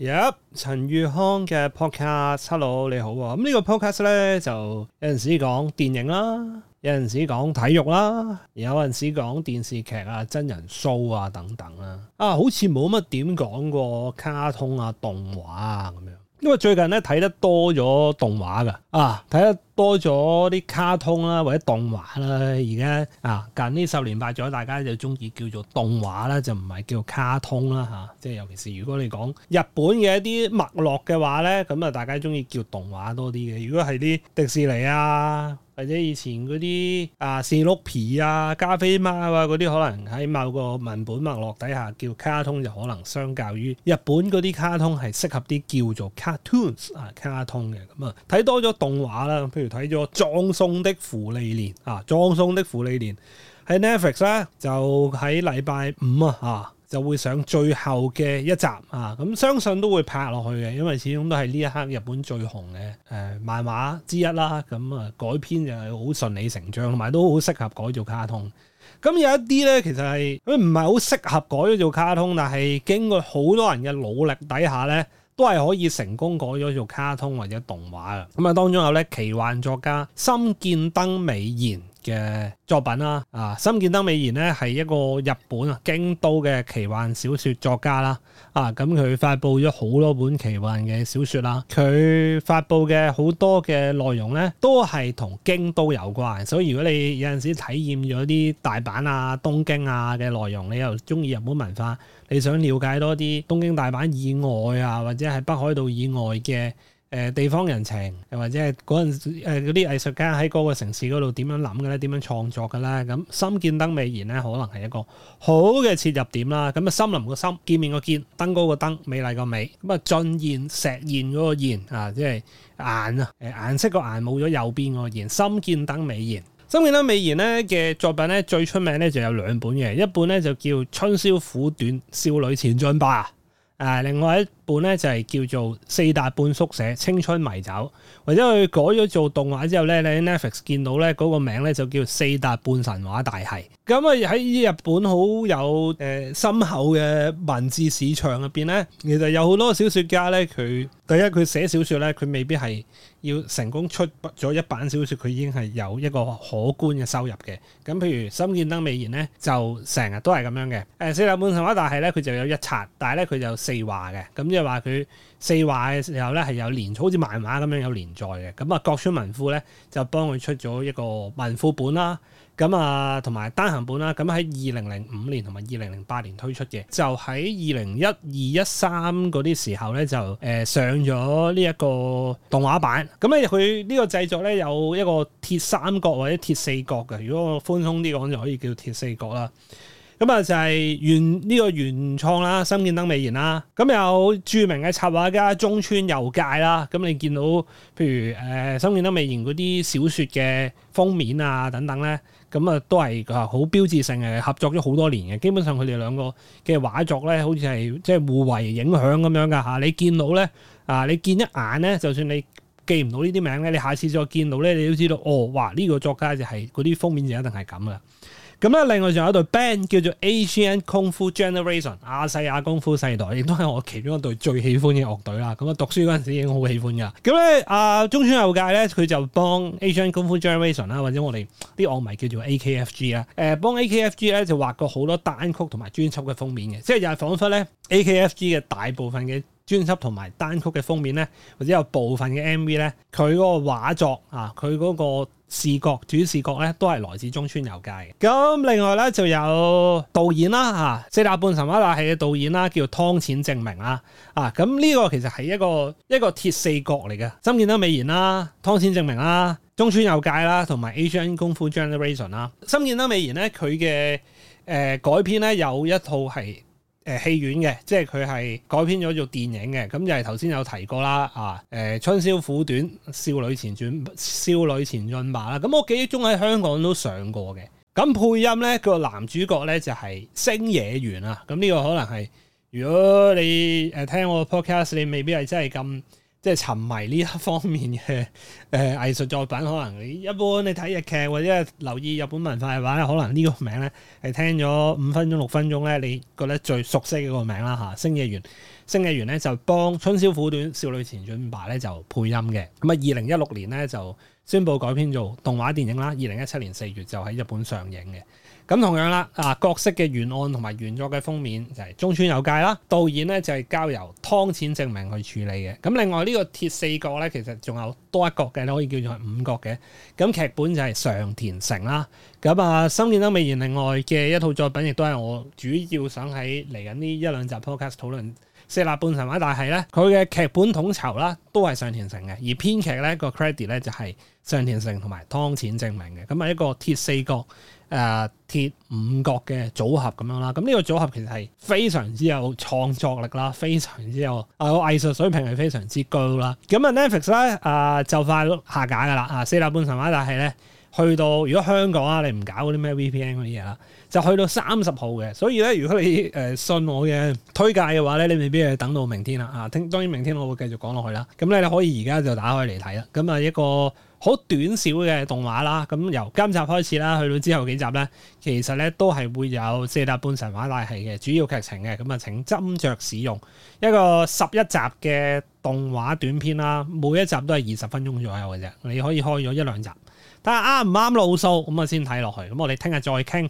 Yep，陳宇康嘅 podcast，Hello 你好，咁、嗯這個、呢個 podcast 咧就有陣時講電影啦，有陣時講體育啦，有陣時講電視劇啊、真人 show 啊等等啦、啊，啊，好似冇乜點講過卡通啊、動畫啊咁樣，因為最近咧睇得多咗動畫噶，啊，睇下。多咗啲卡通啦，或者動畫啦，而家啊，近呢十年八載，大家就中意叫做動畫啦，就唔係叫卡通啦吓，即、啊、係尤其是如果你講日本嘅一啲脈絡嘅話咧，咁啊大家中意叫動畫多啲嘅。如果係啲迪士尼啊，或者以前嗰啲啊四碌皮啊、加菲貓啊嗰啲，可能喺某個文本脈絡底下叫卡通，就可能相較於日本嗰啲卡通係適合啲叫做 cartoons 啊卡通嘅。咁啊睇多咗動畫啦，睇咗《葬送的芙莉蓮》啊，《葬送的芙莉蓮》喺 Netflix 啦，Net flix，就喺禮拜五啊，就會上最後嘅一集啊。咁相信都會拍落去嘅，因為始終都係呢一刻日本最紅嘅誒、呃、漫畫之一啦。咁啊，改編就係好順理成章，同埋都好適合改做卡通。咁有一啲咧，其實係佢唔係好適合改咗做卡通，但係經過好多人嘅努力底下咧。都係可以成功改咗做卡通或者動畫噶，咁啊當中有咧奇幻作家森見登美彥。嘅作品啦，啊，森見登美彥呢，係一個日本啊京都嘅奇幻小說作家啦，啊，咁、啊、佢發佈咗好多本奇幻嘅小說啦，佢發佈嘅好多嘅內容呢，都係同京都有關，所以如果你有陣時體驗咗啲大阪啊、東京啊嘅內容，你又中意日本文化，你想了解多啲東京、大阪以外啊，或者係北海道以外嘅。誒、呃、地方人情，又或者係嗰陣啲藝術家喺嗰個城市嗰度點樣諗嘅咧，點樣創作嘅咧，咁森見登美彥咧，可能係一個好嘅切入點啦。咁啊，森林個森，見面個見，燈高個燈，美麗個美，咁啊，晉彥石彥嗰個彥啊，即係顏啊，誒顏色個顏冇咗右邊嗰個彥，森見登美彥，森見登美彥咧嘅作品咧最出名咧就有兩本嘅，一本咧就叫《春宵苦短，少女前進吧》，誒、啊、另外一本咧就係叫做四大半宿舍青春迷走，或者佢改咗做動畫之後咧，你 Netflix 見到咧嗰個名咧就叫四大半神話大系。咁啊喺日本好有誒、呃、深厚嘅文字市場入邊咧，其實有好多小説家咧，佢第一佢寫小説咧，佢未必係要成功出咗一版小説，佢已經係有一個可觀嘅收入嘅。咁、嗯、譬如森見登美彥咧，就成日都係咁樣嘅。誒、呃、四大半神話大系咧，佢就有一冊，但係咧佢就有四話嘅咁。即係話佢四話嘅時候咧，係有連，好似漫畫咁樣有連載嘅。咁啊，各村文庫咧就幫佢出咗一個文庫本啦。咁啊，同埋單行本啦。咁喺二零零五年同埋二零零八年推出嘅，就喺二零一二一三嗰啲時候咧，就誒上咗呢一個動畫版。咁咧，佢呢個製作咧有一個鐵三角或者鐵四角嘅。如果我寬鬆啲講，就可以叫鐵四角啦。咁啊，就係原呢、這個原創啦，《森見登美彥》啦，咁有著名嘅插畫家中村佑介啦。咁你見到譬如誒《森見登美彥》嗰啲小說嘅封面啊等等咧，咁啊都係好標誌性嘅合作咗好多年嘅。基本上佢哋兩個嘅畫作咧，好似係即係互為影響咁樣噶嚇。你見到咧啊，你見一眼咧，就算你記唔到呢啲名咧，你下次再見到咧，你都知道哦，哇！呢、這個作家就係嗰啲封面就一定係咁啦。咁咧，另外仲有一隊 band 叫做 Asian Kung Fu Generation 亞細亞功夫世代，亦都係我其中一隊最喜歡嘅樂隊啦。咁啊，讀書嗰陣時已經好喜歡噶。咁、嗯、咧，阿、啊、中村佑介咧，佢就幫 Asian Kung Fu Generation 啦，或者我哋啲樂迷叫做 AKFG 啦、啊，誒幫 AKFG 咧就畫過好多單曲同埋專輯嘅封面嘅，即係又係彷彿咧 AKFG 嘅大部分嘅專輯同埋單曲嘅封面咧，或者有部分嘅 MV 咧，佢嗰個畫作啊，佢嗰個視覺主視覺咧，都係來自中村佑介嘅。咁另外咧，就有導演啦嚇，《四疊半神話那》啊，大戲嘅導演啦，叫湯淺政明啦啊。咁呢個其實係一個一個鐵四角嚟嘅，森見登美彥啦，湯淺政明啦，中村佑介啦，同埋 Asian Kung-Fu Generation 啦。森見登美彥咧，佢嘅誒改編咧有一套係。誒戲院嘅，即係佢係改編咗做電影嘅，咁就係頭先有提過啦，啊，誒、呃《春宵苦短，少女前傳》，少女前進吧啦，咁我記憶中喺香港都上過嘅，咁配音咧，個男主角咧就係、是、星野源啊，咁呢個可能係，如果你誒、呃、聽我 podcast，你未必係真係咁。即係沉迷呢一方面嘅誒、呃、藝術作品，可能一般你睇日劇或者留意日本文化嘅話，可能呢個名咧係聽咗五分鐘六分鐘咧，你覺得最熟悉嘅個名啦吓、啊，星野源，星野源咧就幫《春宵苦短，少女前進吧》咧就配音嘅。咁、嗯、啊，二零一六年咧就宣布改編做動畫電影啦。二零一七年四月就喺日本上映嘅。咁同樣啦，啊，角色嘅原案同埋原作嘅封面就係、是、中村佑介》啦，導演咧就係、是、交由湯淺政明去處理嘅。咁另外呢、這個鐵四角咧，其實仲有多一角嘅，可以叫做五角嘅。咁劇本就係上田誠啦。咁啊，新見都未然，另外嘅一套作品亦都係我主要想喺嚟緊呢一兩集 podcast 討論《四疊半神話但係咧，佢嘅劇本統籌啦都係上田誠嘅，而編劇咧個 credit 咧就係、是、上田誠同埋湯淺政明嘅。咁啊，一個鐵四角。誒、呃、鐵五角嘅組合咁樣啦，咁、嗯、呢、這個組合其實係非常之有創作力啦，非常之有啊個、呃、藝術水平係非常之高啦。咁、嗯、啊 Netflix 咧，啊、呃、就快下架噶啦，啊四大半神話呢，但係咧。去到如果香港啊，你唔搞嗰啲咩 VPN 嗰啲嘢啦，就去到三十號嘅。所以咧，如果你誒、呃、信我嘅推介嘅話咧，你未必係等到明天啦啊！聽當然明天我會繼續講落去啦。咁咧你可以而家就打開嚟睇啦。咁啊一個好短小嘅動畫啦，咁由今集開始啦，去到之後幾集咧，其實咧都係會有四大半神話大戲嘅主要劇情嘅。咁啊請斟酌使用一個十一集嘅動畫短片啦，每一集都係二十分鐘左右嘅啫。你可以開咗一兩集。睇下啱唔啱路數，咁啊先睇落去。咁我哋聽日再傾。